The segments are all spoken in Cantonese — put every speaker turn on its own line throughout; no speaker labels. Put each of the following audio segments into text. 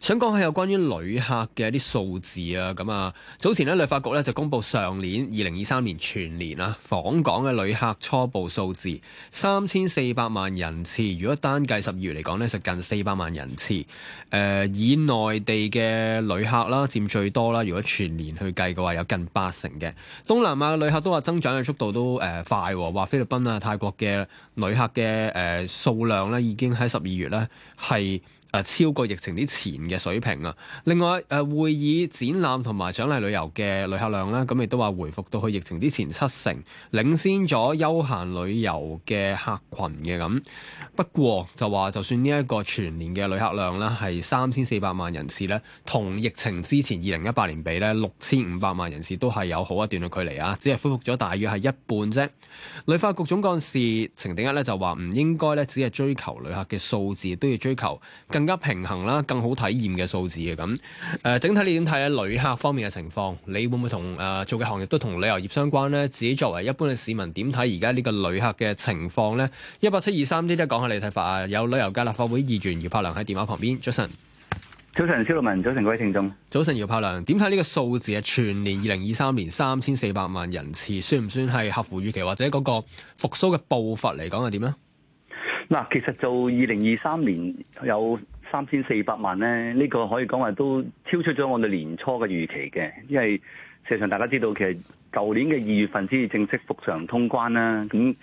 想講下有關於旅客嘅一啲數字啊，咁啊，早前呢，旅發局呢就公布上年二零二三年全年啊，訪港嘅旅客初步數字三千四百萬人次。如果單計十二月嚟講呢，就近四百萬人次。誒、呃，以內地嘅旅客啦，佔最多啦。如果全年去計嘅話，有近八成嘅東南亞旅客都話增長嘅速度都誒快喎。話菲律賓啊、泰國嘅旅客嘅誒、呃、數量呢，已經喺十二月呢係，誒超過疫情之前嘅水平啊！另外誒會議、展覽同埋獎勵旅遊嘅旅客量咧，咁亦都話回復到去疫情之前七成，領先咗休閒旅遊嘅客群嘅咁。不過就話就算呢一個全年嘅旅客量咧係三千四百萬人次咧，同疫情之前二零一八年比咧六千五百萬人次都係有好一段嘅距離啊！只係恢復咗大約係一半啫。旅發局總幹事程鼎一咧就話唔應該咧，只係追求旅客嘅數字，都要追求更加平衡啦，更好體驗嘅數字嘅咁。誒、呃，整體你點睇啊？旅客方面嘅情況，你會唔會同誒、呃、做嘅行業都同旅遊業相關呢？自己作為一般嘅市民，點睇而家呢個旅客嘅情況呢？說一八七二三，一一講下你睇法啊！有旅遊界立法會議員姚柏良喺電話旁邊，Justin，早晨，早晨，肖樂文，早晨各位聽眾，早晨，姚柏良，點睇呢個數字啊？全年二零二三年三千四百萬人次，算唔算係合乎預期，或者嗰個復甦嘅步伐嚟講係點呢？
嗱、這個，其實就二零二三年有三千四百萬咧，呢個可以講話都超出咗我哋年初嘅預期嘅，因為事實上大家知道其實舊年嘅二月份先正式復常通關啦，咁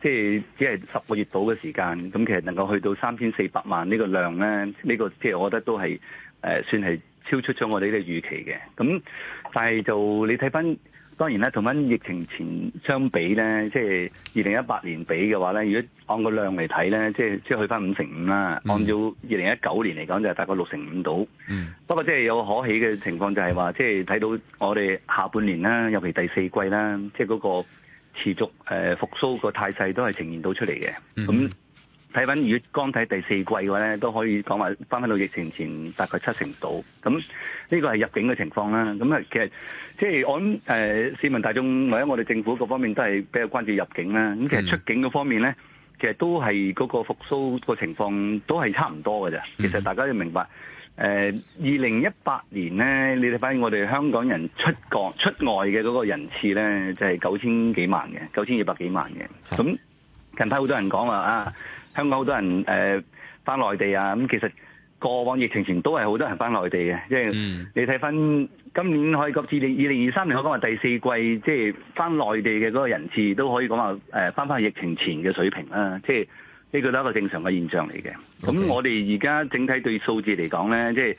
即係只係十個月到嘅時間，咁其實能夠去到三千四百萬呢個量咧，呢、這個即係我覺得都係誒、呃、算係超出咗我哋呢個預期嘅，咁但係就你睇翻。當然啦，同翻疫情前相比咧，即係二零一八年比嘅話咧，如果按個量嚟睇咧，即係即係去翻五成五啦。按照二零一九年嚟講，就係、是、大概六成五度。嗯。不過即係有可喜嘅情況就，就係話即係睇到我哋下半年啦，尤其第四季啦，即係嗰個持續誒復甦個態勢都係呈現到出嚟嘅。咁睇翻如果光睇第四季嘅話咧，都可以講話翻翻到疫情前大概七成度。咁。呢個係入境嘅情況啦，咁啊其實即係我諗誒市民大眾或者我哋政府各方面都係比較關注入境啦。咁其實出境嗰方面咧，其實都係嗰個復甦個情況都係差唔多嘅啫。其實大家要明白誒，二零一八年咧，你哋睇翻我哋香港人出國出外嘅嗰個人次咧，就係九千幾萬嘅，九千二百幾萬嘅。咁的近排好多人講話啊，香港好多人誒翻內地啊，咁其實。過往疫情前都係好多人翻內地嘅，即、就、係、是、你睇翻今年可以講至二零二三年可以講話第四季，即係翻內地嘅嗰個人次都可以講話返翻翻疫情前嘅水平啦。即係呢個都係一個正常嘅現象嚟嘅。咁 Okay. 我哋而家整體對數字嚟講呢，即係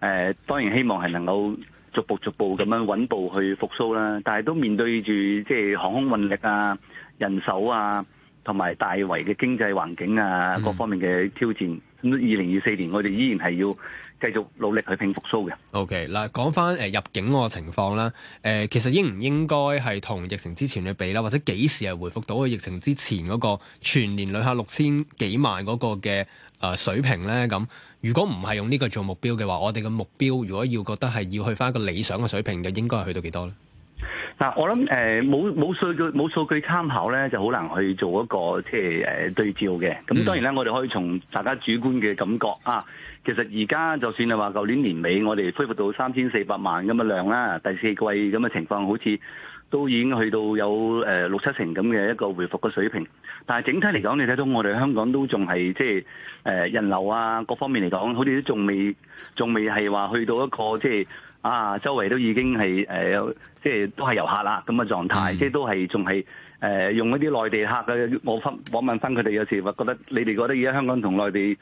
誒當然希望係能夠逐步逐步咁樣穩步去復甦啦。但係都面對住即係航空運力啊、人手啊、同埋大圍嘅經濟環境啊各方面嘅挑戰。嗯咁二零二四年我哋依然係要繼續努力去拼復甦
嘅。O K 嗱，講翻誒入境個情況啦。誒、呃，其實應唔應該係同疫情之前去比啦？或者幾時係回復到疫情之前嗰個全年旅客六千幾萬嗰個嘅誒、呃、水平咧？咁如果唔係用呢個做目標嘅話，我哋嘅目標如果要覺得係要去翻一個理想嘅水平，嘅應該係去到幾多咧？
嗱，我諗誒，冇冇數據冇數據參考咧，就好難去做一個即係誒對照嘅。咁當然咧，我哋可以從大家主觀嘅感覺啊。其實而家就算係話舊年年尾，我哋恢復到三千四百萬咁嘅量啦，第四季咁嘅情況，好似都已經去到有誒、呃、六七成咁嘅一個回復嘅水平。但係整體嚟講，你睇到我哋香港都仲係即係誒人流啊，各方面嚟講，好似都仲未仲未係話去到一個即係。即係啊，周圍都已經係誒、呃，即係都係遊客啦咁嘅狀態，狀態嗯、即係都係仲係誒用一啲內地客嘅。我分我問翻佢哋有時話，覺得你哋覺得而家香港同內地，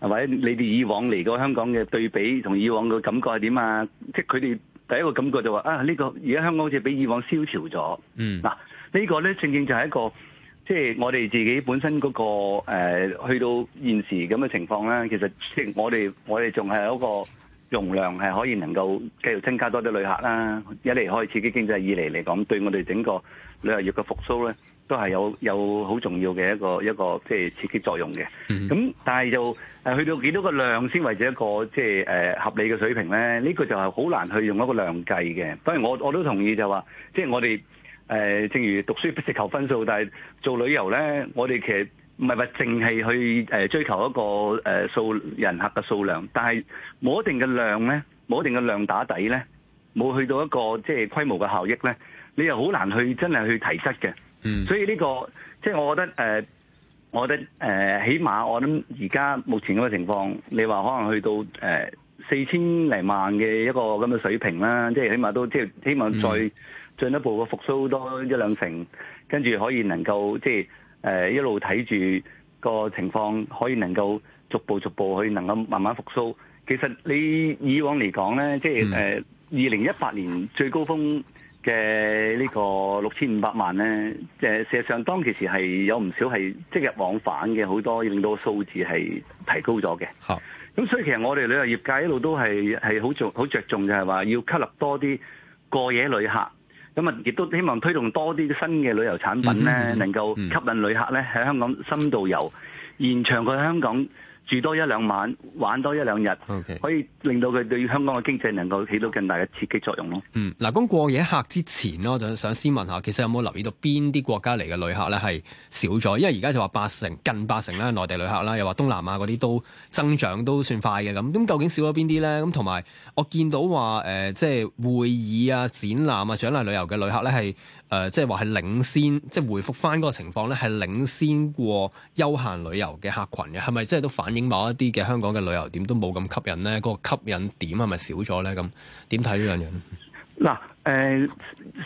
或者你哋以往嚟過香港嘅對比，同以往嘅感覺係點啊？即係佢哋第一個感覺就話、是、啊，呢、這個而家香港好似比以往蕭條咗。嗯，嗱、啊這個、呢個咧正正就係一個，即係我哋自己本身嗰、那個、呃、去到現時咁嘅情況咧，其實即係我哋我哋仲係一個。容量係可以能夠繼續增加多啲旅客啦，一嚟可以刺激經濟，二嚟嚟講對我哋整個旅遊業嘅復甦咧，都係有有好重要嘅一個一個即係刺激作用嘅。咁、嗯、但係就去到幾多個量先為止一個即係誒合理嘅水平咧？呢個就係好難去用一個量計嘅。當然我我，我都同意就話，即、就、係、是、我哋誒、呃、正如讀書不追求分數，但係做旅遊咧，我哋其。唔係話淨係去誒追求一個誒數人客嘅數量，但係冇一定嘅量咧，冇一定嘅量打底咧，冇去到一個即係規模嘅效益咧，你又好難去真係去提質嘅。嗯，所以呢、呢個即係、即係、我覺得誒、呃，我覺得誒、呃，起碼我諗而家目前咁嘅情況，你話可能去到誒四千零萬嘅一個咁嘅水平啦，即、就、係、是、起碼都即係、即係、希望再進一步嘅復甦多一兩成，跟住可以能夠即係。即係誒、呃、一路睇住個情況，可以能夠逐步逐步去能夠慢慢復甦。其實你以往嚟講呢，即係誒二零一八年最高峰嘅呢個六千五百萬呢，誒事實上當其時係有唔少係即日往返嘅好多，令到的數字係提高咗嘅。咁、嗯、所以其實我哋旅遊業界一路都係係好着好着重就係話要吸納多啲過夜旅客。咁啊，亦都希望推動多啲新嘅旅遊產品咧，能夠吸引旅客咧喺香港深度遊。延長佢香港。住多一兩晚，玩多一兩日，Okay. 可以令到佢對香港嘅經濟能夠起到更大嘅刺激作用咯。嗯，
嗱，咁過夜客之前咯，我就想先問下，其實有冇留意到邊啲國家嚟嘅旅客呢？係少咗？因為而家就話八成近八成咧，內地旅客啦，又話東南亞嗰啲都增長都算快嘅咁。咁究竟少咗邊啲呢？咁同埋我見到話、呃、即係會議啊、展覽啊、獎勵旅遊嘅旅客呢，係。呃、即係話係領先，即係回覆翻嗰個情況咧，係領先過休閒旅遊嘅客群嘅，係咪即係都反映某一啲嘅香港嘅旅遊點都冇咁吸引咧？嗰、嗰個吸引點係咪少咗咧？咁點睇呢樣嘢？
嗱，誒，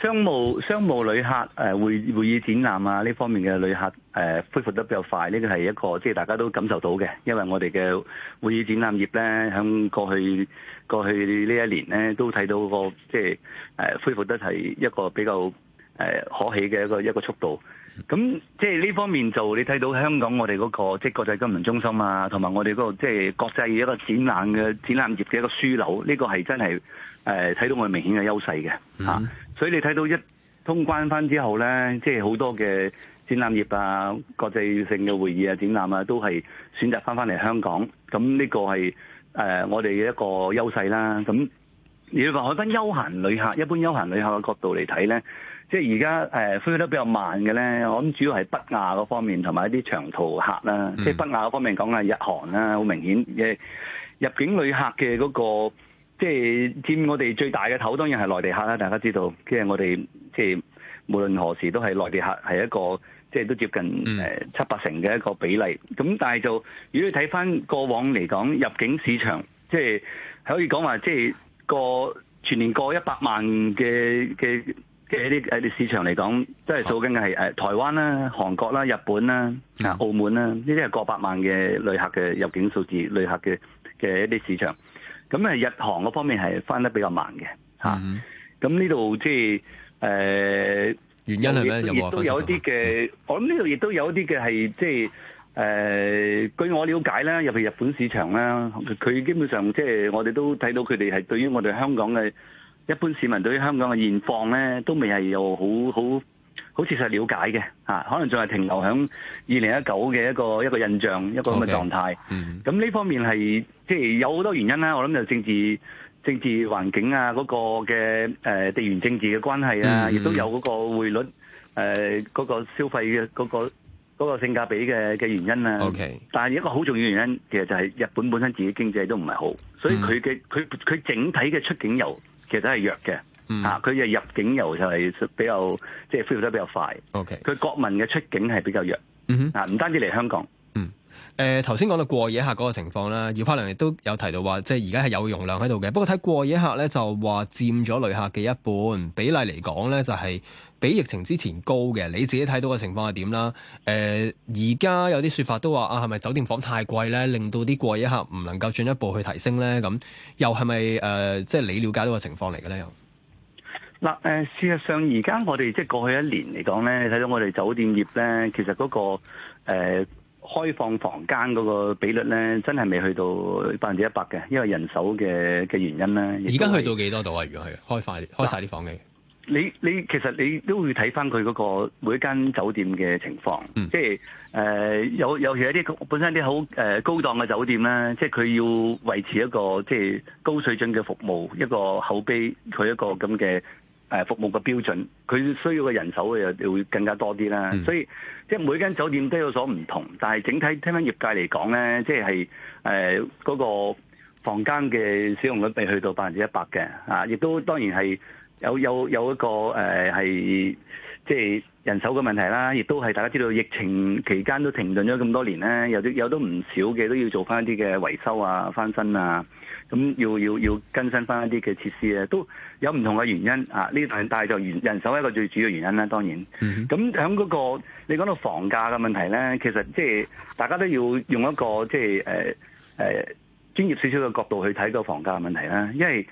商務商務旅客誒、呃、會、會議展覽啊呢方面嘅旅客、呃、恢復得比較快，呢個係一個即係大家都感受到嘅，因為我哋嘅會議展覽業咧，喺過去過去呢一年咧都睇到個即係、呃、恢復得係一個比較。誒可喜嘅一個一個速度，咁即係呢方面就你睇到香港我哋嗰、嗰個即係國際金融中心啊，同埋我哋嗰、嗰個即係國際一個展覽嘅展覽業嘅一個樞紐，呢、呢個係真係誒睇到我哋明顯嘅優勢嘅、mm hmm. 啊、所以你睇到一通關翻之後咧，即係好多嘅展覽業啊、國際性嘅會議啊、展覽啊，都係選擇翻翻嚟香港，咁呢個係誒、呃、我哋嘅一個優勢啦，咁。如果話海濱休閒旅客，一般休閒旅客嘅角度嚟睇咧，即係而家誒恢復得比較慢嘅咧。我諗主要係北亞嗰方面同埋一啲長途客啦。嗯、即係北亞嗰方面講啊，日韓啦，好明顯嘅入境旅客嘅嗰、嗰個，即係佔我哋最大嘅頭，當然係內地客啦。大家知道，即係我哋即係無論何時都係內地客，係一個即係都接近誒、嗯呃、七八成嘅一個比例。咁但係就如果你睇翻過往嚟講入境市場，即係可以講話即係。個全年過一百萬嘅嘅嘅一啲啲市場嚟講，即係數緊嘅係台灣啦、韓國啦、日本啦、啊澳門啦，呢啲係過百萬嘅旅客嘅入境數字，旅客嘅嘅一啲市場。咁誒日韓嗰方面係翻得比較慢嘅嚇，咁呢度即係原因係咩？亦都也有啲嘅，我諗呢度亦都有一啲嘅係即係。誒，據我瞭解咧，入邊日本市場咧，佢基本上即係我哋都睇到佢哋係對於我哋香港嘅一般市民對於香港嘅現況咧，都未係有好好好切實瞭解嘅嚇，可能仲係停留喺二零一九嘅一個一個印象一個咁嘅狀態。嗯。咁呢方面係即係有好多原因啦，我諗就政治政治環境啊，嗰個嘅誒地緣政治嘅關係啊，亦都有嗰個匯率誒嗰個消費嘅嗰個。嗰個性價比嘅嘅原因啦，Okay. 但係一個好重要嘅原因，其實就係日本本身自己嘅經濟都唔係好，所以佢嘅佢佢整體嘅出境遊其實係弱嘅，嚇佢嘅入境遊就係比較即係恢復得比較快。佢 Okay. 國民嘅出境係比較弱，嚇唔、嗯哼啊、單止嚟香港。
嗯，誒頭先講到過夜客嗰個情況啦，姚柏良亦都有提到話，即係而家係有容量喺度嘅。不過睇過夜客咧，就話佔咗旅客嘅一半比例嚟講咧，就係、是。比疫情之前高嘅，你自己睇到嘅情況係點啦？誒、呃，而家有啲説法都話啊，係咪酒店房太貴咧，令到啲過夜客唔能夠進一步去提升咧？咁又係咪誒？即係你了解到嘅情況嚟嘅咧？又
嗱誒，事實上而家我哋即係過去一年嚟講咧，睇到我哋酒店業咧，其實嗰個誒開放房間嗰個比率咧，真係未去到百分之一百嘅，因為人手嘅嘅原因咧。而
家去到幾多度啊？如果係開快開曬啲房嘅？你你其實
你都會睇翻佢嗰個每一間酒店嘅情況，嗯、即係誒、呃、有有時一啲本身啲好誒高檔嘅酒店咧，即係佢要維持一個即係高水準嘅服務，一個口碑佢一個咁嘅誒服務嘅標準，佢需要嘅人手又，又會更加多啲啦。嗯、所以即係每間酒店都有所唔同，但係整體聽翻業界嚟講咧，即係誒嗰個房間嘅使用率未去到百分之一百嘅啊，亦都當然係。有有有一個誒係、呃、即係人手嘅問題啦，亦都係大家知道疫情期間都停頓咗咁多年咧，有啲有都唔少嘅都要做翻一啲嘅維修啊、翻新啊，咁要要要更新翻一啲嘅設施啊，都有唔同嘅原因啊。呢但係就人手一個最主要原因啦，當然。咁喺嗰個你講到房價嘅問題咧，其實即係大家都要用一個即係誒誒專業少少嘅角度去睇個房價嘅問題啦，因為。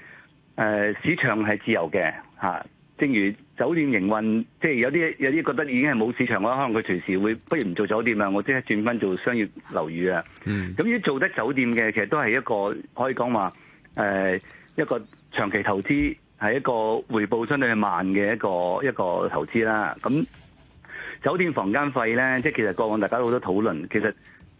誒市場係自由嘅嚇。正如酒店營運，即係有啲有啲覺得已經係冇市場嘅話，可能佢隨時會不如唔做酒店啊，我即刻轉翻做商業樓宇啊。咁啲、嗯、做得酒店嘅，其實都係一個可以講話誒一個長期投資，係一個回報相對係慢嘅一個一個投資啦。咁酒店房間費呢，即係其實過往大家都好多討論，其實。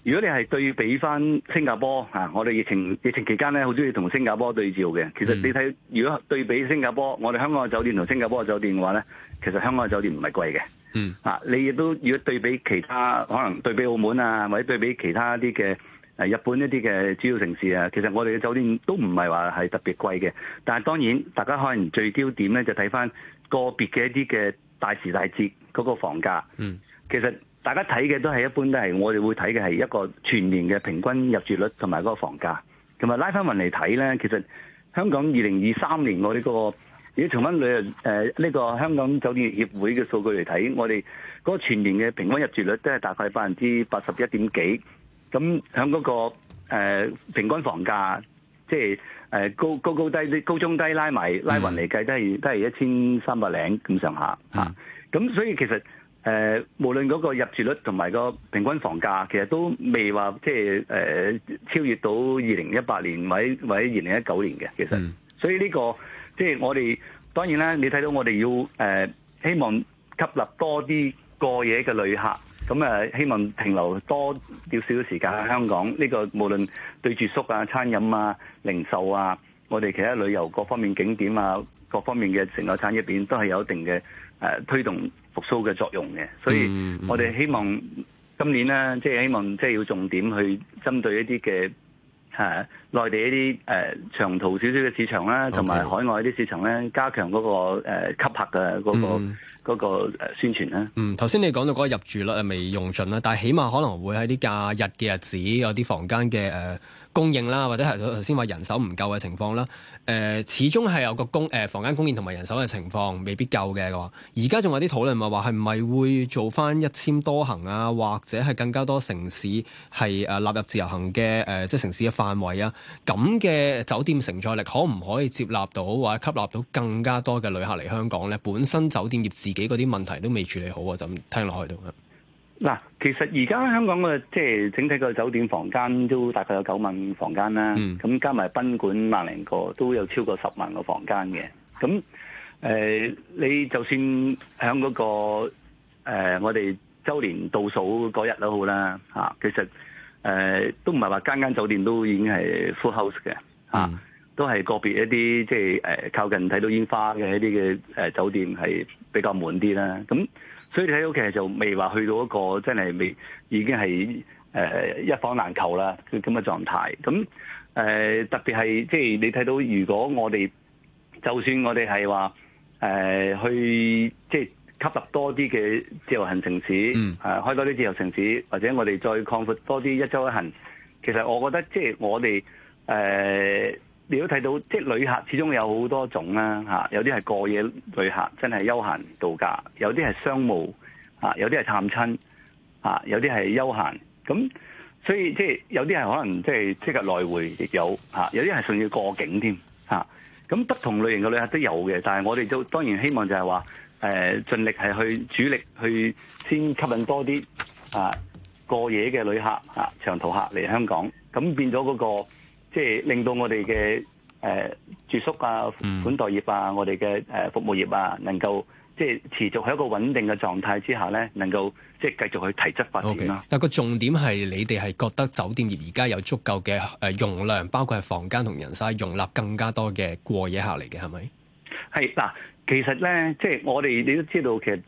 如果你係對比翻新加坡、啊、我哋疫情疫情期間咧，好中意同新加坡對照嘅。其實你睇，如果對比新加坡，我哋香港嘅酒店同新加坡嘅酒店嘅話咧，其實香港嘅酒店唔係貴嘅。嗯，啊、你亦都如果對比其他，可能對比澳門啊，或者對比其他一啲嘅、啊、日本一啲嘅主要城市啊，其實我哋嘅酒店都唔係話係特別貴嘅。但係當然，大家可能最焦點咧就睇翻個別嘅一啲嘅大時大節嗰、嗰個房價。嗯，
其
實。大家睇嘅都係一般都，都係我哋會睇嘅係一個全年嘅平均入住率同埋嗰個房價，同埋拉翻云嚟睇咧。其實香港二零二三年我哋、嗰個，如果重溫旅誒呢、呃這個香港酒店協會嘅數據嚟睇，我哋嗰個全年嘅平均入住率都係大概百分之八十一點幾。咁響嗰個、呃、平均房價，即係誒高高高低高中低拉埋拉云嚟計，嗯、都係都係一千三百零咁上下吓咁、嗯啊、所以其實。誒、呃，無論嗰個入住率同埋個平均房價，其實都未話即係、呃、超越到二零一八年或或二零一九年嘅，其實。的所以呢、呢個即係我哋當然啦，你睇到我哋要、呃、希望吸納多啲過夜嘅旅客，咁、呃、希望停留多少少時間喺香港。呢的個無論對住宿啊、餐飲啊、零售啊，我哋其他旅遊各方面景點啊，各方面嘅成個產業鏈都係有一定嘅、呃、推動復蘇嘅作用嘅，所以我哋希望今年呢，即係希望即係要重點去針對一啲嘅吓內地一啲誒長途少少嘅市場啦，同埋海外一啲市場咧，加強嗰個誒吸客嘅嗰個個誒宣傳咧。
嗯，頭、嗯、先、嗯、你講到嗰個入住率係未用盡啦？但係起碼可能會喺啲假日嘅日子，有啲房間嘅誒。呃供應啦，或者係頭先話人手唔夠嘅情況啦。誒、呃，始終係有個供誒、呃、房間供應同埋人手嘅情況未必夠嘅話。而家仲有啲討論，咪話係唔係會做翻一簽多行啊，或者係更加多城市係誒納入自由行嘅誒、呃、即係城市嘅範圍啊？咁嘅酒店承載力可唔可以接納到或者吸納到更加多嘅旅客嚟香港呢？本身酒店業自己嗰啲問題都未處理好啊，就咁聽落去都～
嗱，其實而家香港嘅即係整體個酒店房間都大概有九萬房間啦，咁、嗯、加埋賓館萬零個，都有超過十萬個房間嘅。咁誒、呃，你就算喺嗰、那個、呃、我哋周年倒數嗰日都好啦，嚇、啊，其實誒、呃、都唔係話間間酒店都已經係 full house 嘅，嚇、啊，嗯、都係個別一啲即係誒靠近睇到煙花嘅一啲嘅誒酒店係比較滿啲啦，咁。所以你睇到其實就未話去到一個真係未已經係誒、呃、一房難求啦，咁嘅狀態。咁誒、呃、特別係即係你睇到，如果我哋就算我哋係話誒去即係、就是、吸引多啲嘅自由行城市，mm. 啊開多啲自由城市，或者我哋再擴闊多啲一,一週一行，其實我覺得即係、就是、我哋誒。呃你都睇到，即係旅客始終有好多種啦，嚇，有啲係過夜旅客，真係休閒度假；有啲係商務，嚇；有啲係探親，嚇；有啲係休閒。咁所以即係有啲係可能即係即日來回亦有，嚇；有啲係順要過境添，嚇。咁不同類型嘅旅客都有嘅，但係我哋都當然希望就係話，誒，盡力係去主力去先吸引多啲啊過夜嘅旅客，嚇，長途客嚟香港，咁變咗嗰個。即係令到我哋嘅誒住宿啊、款待業啊、嗯、我哋嘅誒服務業啊，能夠即係持續喺一個穩定嘅狀態之下咧，能夠即係繼續去提質發展啦。Okay,
但個重點係你哋係覺得酒店業而家有足夠嘅誒容量，包括係房間同人曬容納更加多嘅過夜客嚟嘅，係咪？
係嗱，其實咧，即係我哋你都知道，其實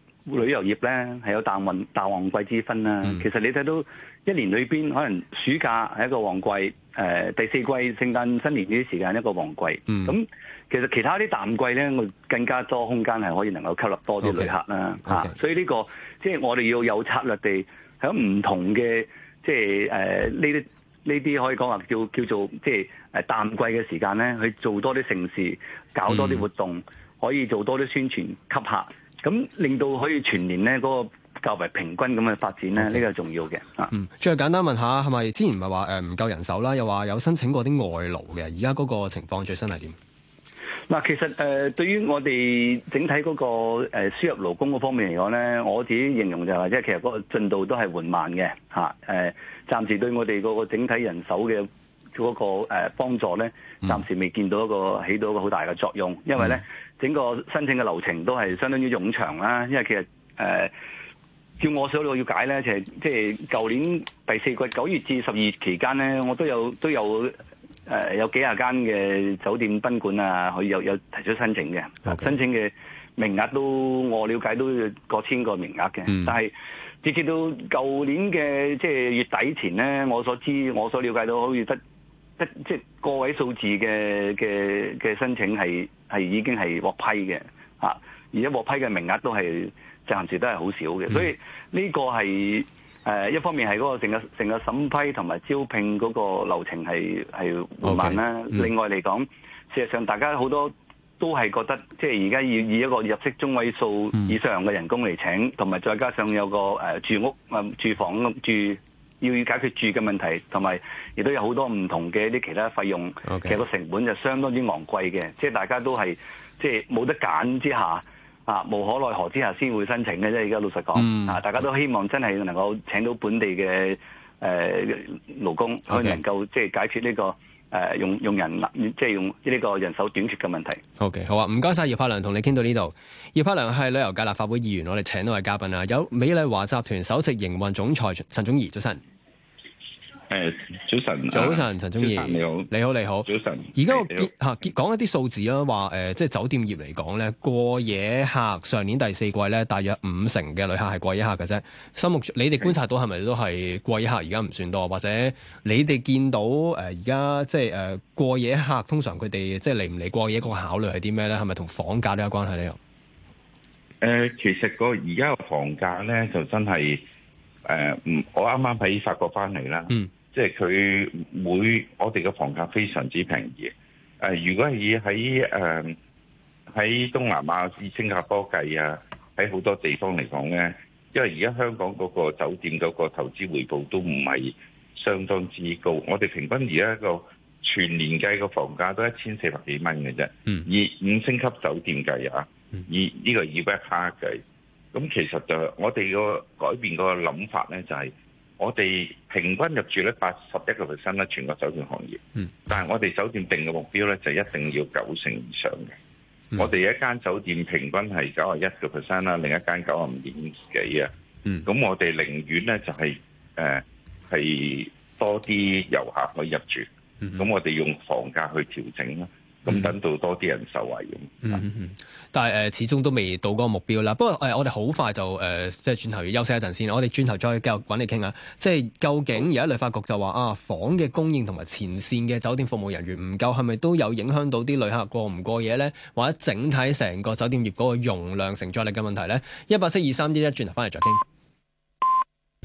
旅遊業咧係有淡運淡旺季之分啦。嗯、其實你睇到一年裏邊，可能暑假係一個旺季。誒、呃、第四季聖誕新年呢啲時間一個旺季，咁、嗯、其實其他啲淡季咧，我更加多空間係可以能夠吸納多啲旅客啦嚇 Okay, okay.、啊，所以呢、這個即係我哋要有策略地響唔同嘅即係誒呢啲呢啲可以講話叫叫做即係誒淡季嘅時間咧，去做多啲城市，搞多啲活動，嗯、可以做多啲宣傳吸客，咁令到可以全年咧嗰、那個。較為平均咁嘅發展咧，呢個 Okay. 重要嘅。嗯，
最後簡單問下，係咪之前唔係話誒唔夠人手啦？又話有申請過啲外勞嘅？而家嗰個情況最新係點？
嗱，其實誒對於我哋整體嗰個誒輸入勞工嗰方面嚟講咧，我自己形容就係、話，即係其實嗰個進度都係緩慢嘅嚇。誒，暫時對我哋嗰個整體人手嘅嗰個誒幫助咧，暫時未見到一個起到一個好大嘅作用，因為咧、嗯、整個申請嘅流程都係相當於冗長啦。因為其實誒，呃照我所了解呢，就係即係舊年第四季九月至十二月期間呢，我都有都有誒、呃、有幾廿間嘅酒店賓館啊，佢有有提出申請嘅，Okay. 申請嘅名額都我了解都過千個名額嘅，嗯、但係直至到舊年嘅即係月底前呢，我所知我所了解到好似得得即係、就是、個位數字嘅嘅嘅申請係係已經係獲批嘅，而且獲批嘅名額都係，暫時都係好少嘅，所以呢個係誒、呃、一方面係嗰個成個成個審批同埋招聘嗰個流程係係緩慢啦、啊。Okay, 嗯、另外嚟講，事實上大家好多都係覺得，即係而家要以一個入息中位數以上嘅人工嚟請，同埋、嗯、再加上有個誒、呃、住屋啊、住房住，要解決住嘅問題，也同埋亦都有好多唔同嘅啲其他費用，Okay. 其實個成本就相當之昂貴嘅，即、就、係、是、大家都係即係冇得揀之下。啊，無可奈何之下先會申請嘅，即係而家老實講，啊、嗯，大家都希望真係能夠請到本地嘅誒、呃、勞工，可以 Okay. 能夠即係解決呢、這個誒用、呃、用人即係用呢個人手短缺嘅問題。
OK，好啊，唔該晒。姚柏良，同你傾到呢度。姚柏良係旅遊界立法會議員，我哋請到位嘉賓啊，有美麗華集團首席營運總裁陳宗彝，早晨。誒，早晨，早晨，陳宗彝你好，你好，你好，早晨。而家我吓講一啲數字啦，話誒、呃，即係酒店業嚟講咧，過夜客上年第四季咧，大約五成嘅旅客係過夜客嘅啫。心目你哋觀察到係咪都係過夜客？而家唔算多，或者你哋見到誒，而、呃、家即係誒、呃、過夜客，通常佢哋即係嚟唔嚟過夜嗰個考慮係啲咩咧？係咪同房價都有關係咧？誒、呃，其實個而
家個房價咧，就真係誒，呃、剛剛嗯，我啱啱喺法國翻嚟啦。即係佢每我哋嘅房價非常之便宜，誒、呃，如果係以喺誒喺東南亞新加坡計啊，喺好多地方嚟講咧，因為而家香港嗰個酒店嗰個投資回報都唔係相當之高，我哋平均而家一個全年計個房價都一千四百幾蚊嘅啫，以五星級酒店計啊，以呢、這個二星級計，咁其實就是、我哋個改變個諗法咧、就是，就係。我哋平均入住率八十一個 percent 啦，全國酒店行業。嗯。但係我哋酒店定嘅目標咧，就一定要九成以上嘅。嗯、我哋一間酒店平均係九十一個 percent 啦，另一間九十五點幾啊。嗯。咁我哋寧願咧就係誒係多啲遊客可以入住，咁、嗯、我哋用房價去調整啦。咁等到多啲人受惠。嗯嗯嗯，
但係、呃、始終都未到嗰個目標啦。不過誒、呃，我哋好快就誒，即係轉頭休息一陣先。我哋轉頭再繼續揾你傾下。即係究竟而家旅發局就話啊，房嘅供應同埋前線嘅酒店服務人員唔夠，係咪都有影響到啲旅客過唔過夜咧？或者整體成個酒店業嗰個容量承載力嘅問題咧？一八七二三一一轉頭翻嚟，再傾。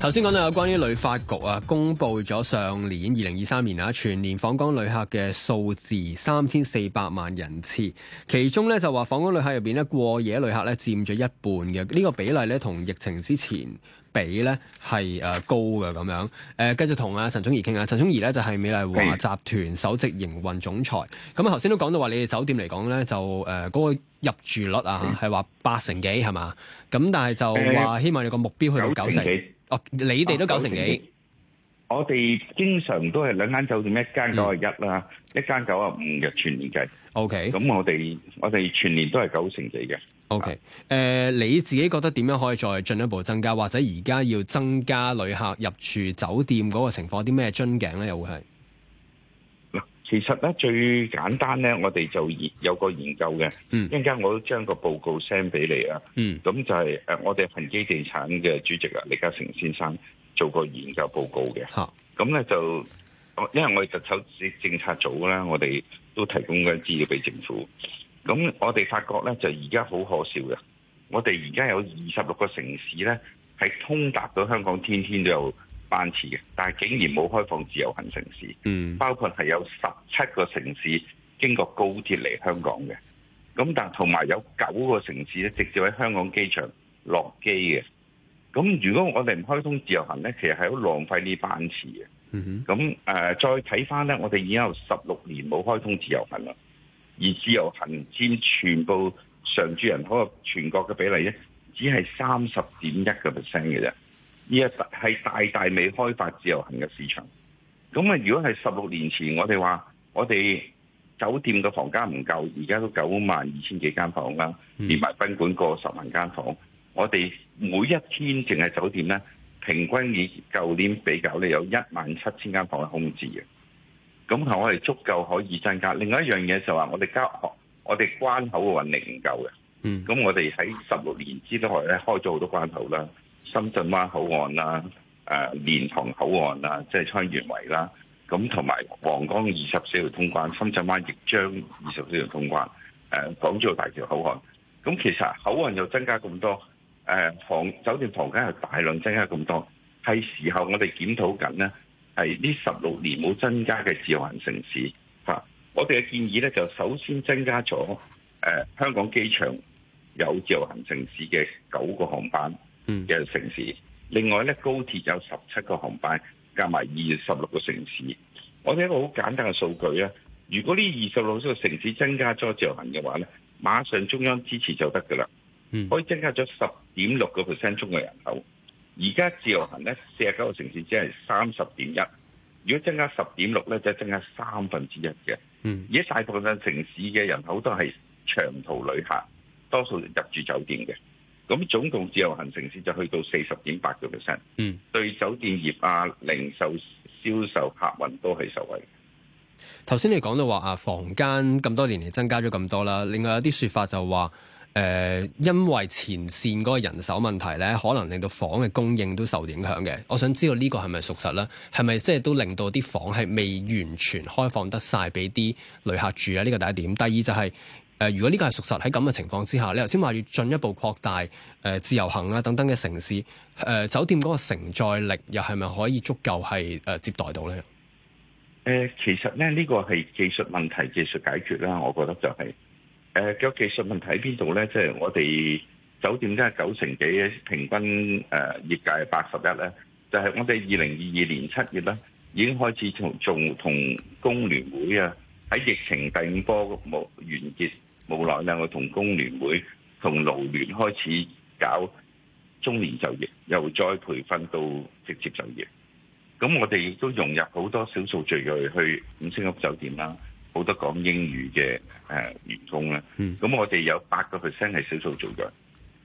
頭先講到有關於旅發局啊，公佈咗上年二零二三年啊全年訪港旅客嘅數字三千四百萬人次，其中咧就話訪港旅客入邊咧過夜旅客咧佔咗一半嘅，呢、這個比例咧同疫情之前比咧係誒高嘅咁樣。誒、呃，繼續同阿陳宗彝傾下，陳宗彝咧就係美麗華集團首席營運總裁。咁啊是，頭先都講到話你哋酒店嚟講咧就誒嗰、呃那個入住率啊係話八成幾係嘛，咁但係就話希望你個目標去到九成。呃你哋都九成幾？哦、九成幾
我哋經常都係兩間酒店，一間九啊一啦，一間九啊五嘅全年計。OK，咁我哋我哋全年都係九成幾嘅。
OK，誒，你自己覺得點樣可以再進一步增加，或者而家要增加旅客入住酒店嗰個情況，啲咩樽頸咧，又會係？
其實咧最簡單咧，我哋就有個研究嘅，一陣間我都將個報告 send 俾你啊。咁、嗯、就係、誒、我哋恒基地產嘅主席啊，李家誠先生做個研究報告嘅。咁咧、啊、就因為我哋特首政政策組呢，我哋都提供緊資料俾政府。咁我哋發覺咧，就而家好可笑嘅，我哋而家有二十六個城市咧係通達到香港，天天都有班次嘅，但係竟然冇開放自由行城市，mm hmm. 包括係有十七個城市經過高鐵嚟香港嘅，咁但同埋有九個城市咧直接喺香港機場落機嘅。咁如果我哋唔開通自由行呢，其實係好浪費呢班次嘅。咁誒、mm，hmm. 再睇翻呢，我哋已經有十六年冇開通自由行啦，而自由行佔全部常住人口全國嘅比例呢，只係三十點一個 percent 嘅啫。而係係大大未開發自由行嘅市場，咁啊！如果係十六年前，我哋話我哋酒店嘅房間唔夠，而家都九萬二千幾間房啦，連埋賓館過個十萬間房，我哋每一天淨係酒店咧，平均以舊年比較咧，有一萬七千間房嘅空置嘅，咁係我哋足夠可以增加。另外一樣嘢就係話我哋關我哋關口嘅運力唔夠嘅，咁我哋喺十六年之內咧開咗好多關口啦。深圳灣口岸啦，誒蓮塘口岸啦，即係香園圍啦，咁同埋皇崗二十四條通關，深圳灣亦將二十四條通關，誒港珠澳大橋口岸。咁其實口岸又增加咁多，誒房酒店房間又大量增加咁多，係時候我哋檢討緊呢。係呢十六年冇增加嘅自由行城市嚇。我哋嘅建議呢就首先增加咗誒香港機場有自由行城市嘅九個航班。嘅城市，嗯、另外咧，高鐵有十七個航班，加埋二十六個城市。我哋一個好簡單嘅數據咧，如果呢二十六個城市增加咗自由行嘅話咧，馬上中央支持就得㗎喇。可以增加咗十點六個 percent 中國人口。而家自由行咧，四十九個城市只係三十點一。如果增加十點六咧，就增加三分之一嘅。而家大部分城市嘅人口都係長途旅客，多數入住酒店嘅。咁總共自由行城市就去到四十點八個 percent，對酒店業啊、零售、銷售、銷售客運都係受惠。嗯。
頭先你講到話啊，房間咁多年嚟增加咗咁多啦，另外有啲說法就話、呃、因為前線嗰個人手問題咧，可能令到房嘅供應都受影響嘅。我想知道呢個係咪屬實咧？係咪即係都令到啲房係未完全開放得晒俾啲旅客住呀？呢個第一點，第二就係、是。誒、呃，如果呢個係屬實，喺咁嘅情況之下，你頭先話要進一步擴大誒、呃、自由行啦等等嘅城市，誒、呃、酒店嗰個承載力又係咪可以足夠係誒、呃、接待到咧？
誒、呃，其實咧呢、這個係技術問題，技術解決啦，我覺得就係誒個技術問題喺邊度咧？即、就、係、是、我哋酒店都係九成幾平均誒業、呃、界八十一咧，就係、是、我哋二零二二年七月咧已經開始從從同工聯會啊喺疫情第五波冇完結，冇耐咧，我同工聯會、同勞聯開始搞中年就業，又再培訓到直接就業。咁我哋亦都融入好多少數族裔去五星級酒店啦，好多講英語嘅誒員工咧。咁我哋有八個 percent 係少數族裔。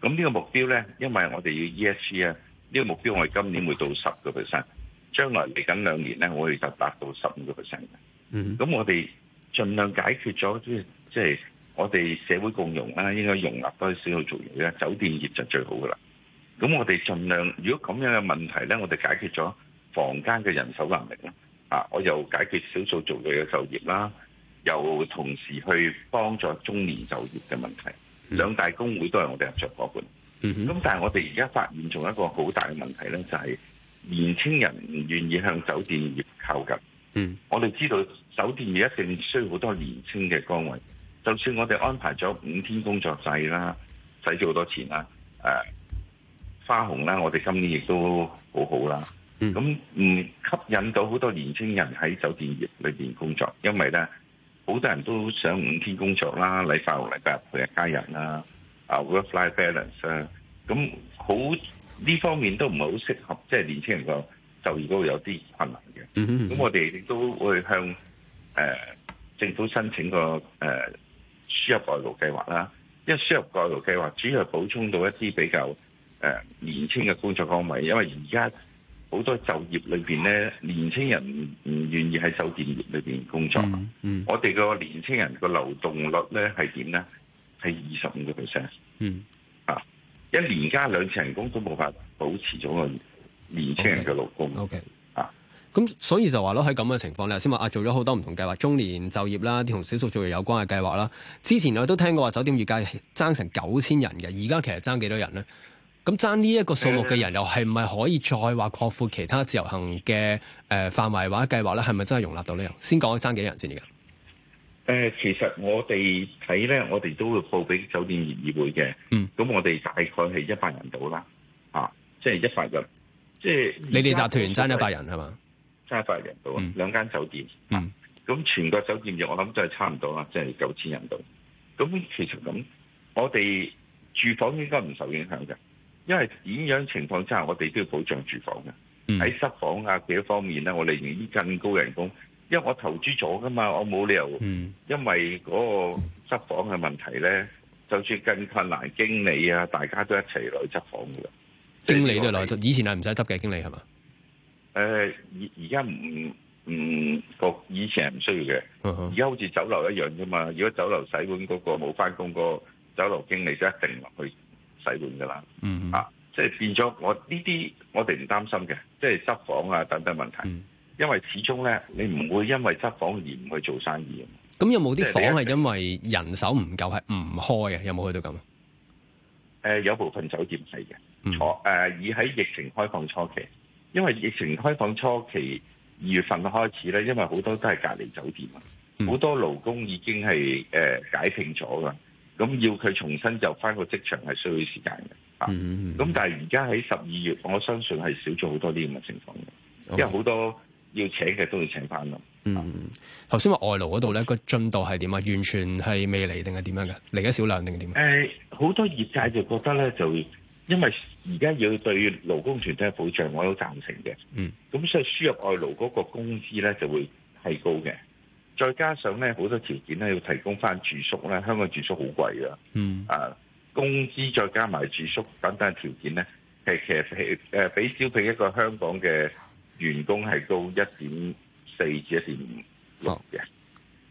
咁呢個目標咧，因為我哋要 ESG 啊，呢個目標我哋今年會到十個 percent，將來嚟緊兩年咧，我哋就達到十五個 percent 嘅。咁我哋儘量解決咗啲即係。我哋社會共融咧，應該融合多啲少數族裔啦。酒店業就最好噶啦。咁我哋儘量，如果咁樣嘅問題咧，我哋解決咗房間嘅人手能力啦。啊，我又解決少數族裔嘅就業啦，又同時去幫助中年就業嘅問題。兩大工會都係我哋合作夥伴。咁、mm hmm. 但係我哋而家發現，仲有一個好大嘅問題咧，就係、是、年青人唔願意向酒店業靠近。嗯、mm，hmm. 我哋知道酒店業一定需要好多年青嘅崗位。就算我哋安排咗五天工作制啦，使咗好多錢啦、啊，花紅啦，我哋今年亦都好好啦。咁唔吸引到好多年青人喺酒店業裏面工作，因為咧好多人都想五天工作啦，禮拜六禮拜日，陪下家人啦，啊 work-life balance 啦，咁好呢方面都唔係好適合，即係年青人個就業都有啲困難嘅。咁我哋亦都會向誒、呃、政府申請個誒。呃輸入外勞計劃啦，因為輸入外勞計劃主要係補充到一啲比較誒年青嘅工作崗位，因為而家好多就業裏邊咧，年青人唔唔願意喺酒店業裏邊工作。嗯，嗯我哋個年青人個流動率咧係點咧？係二十五個 percent。嗯，嚇，一年加兩次人工都冇辦法保持咗個年青人嘅勞工。O K。
咁所以就話咯，喺咁嘅情況，你頭先話啊做咗好多唔同計劃，中年就業啦，啲同少數就業有關嘅計劃啦。之前我都聽過話酒店業界爭成九千人嘅，而家其實爭幾多人咧？咁爭呢一個數目嘅人，又係唔係可以再話擴闊其他自由行嘅誒範圍或者計劃咧？係咪真係容納到呢？先講爭幾多人先而家。誒、嗯，
其實我哋睇咧，我哋都會報俾酒店業議會嘅。咁我哋大概係一百人度啦，啊，即係一
百人，即係你哋集團爭一百人係嘛？
三百人度，兩間酒店，咁、嗯嗯、全國酒店業我諗真係差唔多啦，即係九千人度。咁其實咁，我哋住房應該唔受影響嘅，因為點樣情況之下，我哋都要保障住房嘅。喺執、嗯、房啊幾方面咧，我哋願意更高人工，因為我投資咗噶嘛，我冇理由、嗯、因為嗰個執房嘅問題咧，就算更困難，經理啊，大家都一齊嚟執房
嘅。經理都嚟執，以前係唔使執嘅，經理係嘛？
誒，而而家唔唔個以前係唔需要嘅，而家好似酒樓一樣啫嘛。如果酒樓洗碗嗰個冇翻工，個酒樓經理就一定落去洗碗噶啦。嗯啊，即係變咗我呢啲，我哋唔擔心嘅，即係執房啊等等問題。嗯、因為始終咧，你唔會因為執房而唔去做生意。
咁有冇啲房係因為人手唔夠係唔開啊？有冇去到咁？誒、
呃，有部分酒店係嘅，初誒、嗯，以喺、呃、疫情開放初期。因為疫情開放初期二月份開始咧，因為好多都係隔離酒店啊，好、嗯、多勞工已經係誒、呃、解聘咗啦，咁要佢重新就翻個職場係需要時間嘅嚇。咁、嗯嗯、但係而家喺十二月，我相信係少咗好多啲咁嘅情況嘅，嗯、因為好多要請嘅都要請翻咯。嗯，
頭先話外勞嗰度咧個進度係點啊？完全係未嚟定係點樣嘅？嚟緊少量定係點？誒、呃，好多業界就覺得咧就。因為
而家要對勞工團體保障，我好贊成嘅。嗯，咁所以輸入外勞嗰個工資咧就會提高嘅。再加上咧好多條件咧要提供翻住宿咧，香港住宿好貴㗎。嗯，啊，工資再加埋住宿等等嘅條件咧，係其實係誒比招聘一個香港嘅員工係高一點四至一點五嘅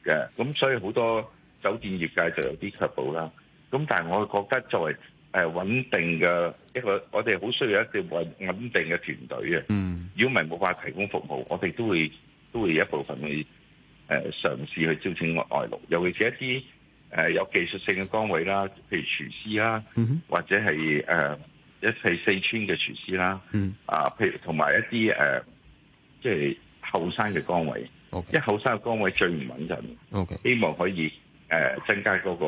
嘅。咁、嗯、所以好多酒店業界就有啲卻步啦。咁但係我覺得作為誒穩定嘅一個，因為我哋好需要一隊穩穩定嘅團隊嘅。嗯、mm，如果唔係冇法提供服務，我哋都會都會一部分去誒嘗試去招請外勞。尤其是一啲誒有技術性嘅崗位啦，譬如廚師啦，mm hmm. 或者係誒、呃、一係四川嘅廚師啦。嗯、mm，啊、hmm.，譬如同埋一啲誒即係後生嘅崗位。O Okay . K，因為後生嘅崗位最唔穩陣。O Okay . K，希望可以。誒增加嗰個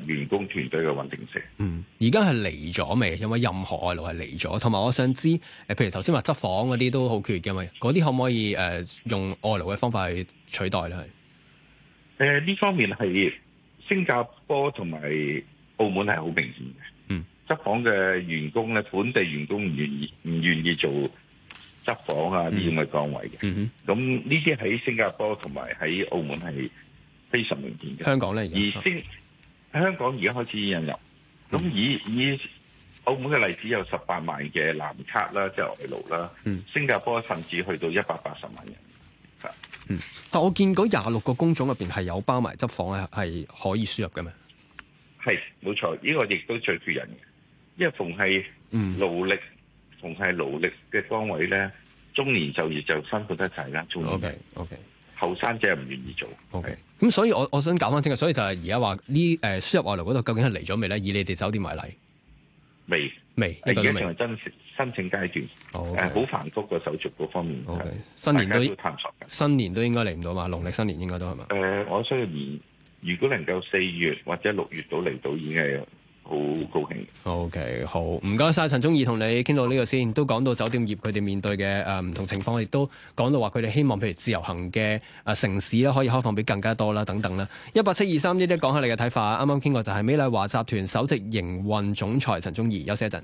誒員工團隊嘅穩定性。
嗯，而家係嚟咗未？有冇任何外勞係嚟咗，同埋我想知誒，譬如頭先話執房嗰啲都好缺嘅，咪嗰啲可唔可以誒用外勞嘅方法去取代咧？
係誒呢方面係新加坡同埋澳門係好明顯嘅。嗯，執房嘅員工咧，本地員工唔願意唔願意做執房啊呢種嘅崗位嘅。嗯哼，咁呢啲喺新加坡同埋喺澳門係，非常明顯嘅，香港咧而星香港而家開始引入，咁、嗯、以以澳門嘅例子有十八萬嘅藍卡啦，即係外勞啦，嗯，新加坡甚至去到一百八十萬人，係，嗯，
但我見嗰廿六個工種入邊係有包埋執房咧，係可以輸入嘅咩？
係冇錯，呢個亦都最缺人嘅。因為逢係勞力，逢係勞力嘅崗位咧，中年就業就辛苦得一齊啦，中年嘅。Okay, okay. 後生仔又
唔願意做，OK，咁是所以我，我我想搞翻清楚。所以就係而家話呢，誒、呃，輸入外勞嗰度究竟係嚟咗未咧？以你哋酒店為例，
未未，依家仲係增申請階段，誒 Okay.、啊，好繁複個手續嗰方面。OK，
新年都要探索，新年都應該嚟唔到嘛？農曆新年應該都係嘛？誒，我相
信，如如果能夠四月或者六月到嚟到，已經係。好高興。OK，好，唔
該晒。陳宗彝同你傾到呢度先，都講到酒店業佢哋面對嘅誒唔同情況，亦都講到話佢哋希望譬如自由行嘅誒、呃、城市啦，可以開放俾更加多啦等等啦。23, 一八七二三一啲講下你嘅睇法。啱啱傾過就係美麗華集團首席營運總裁陳宗彝，休息一陣。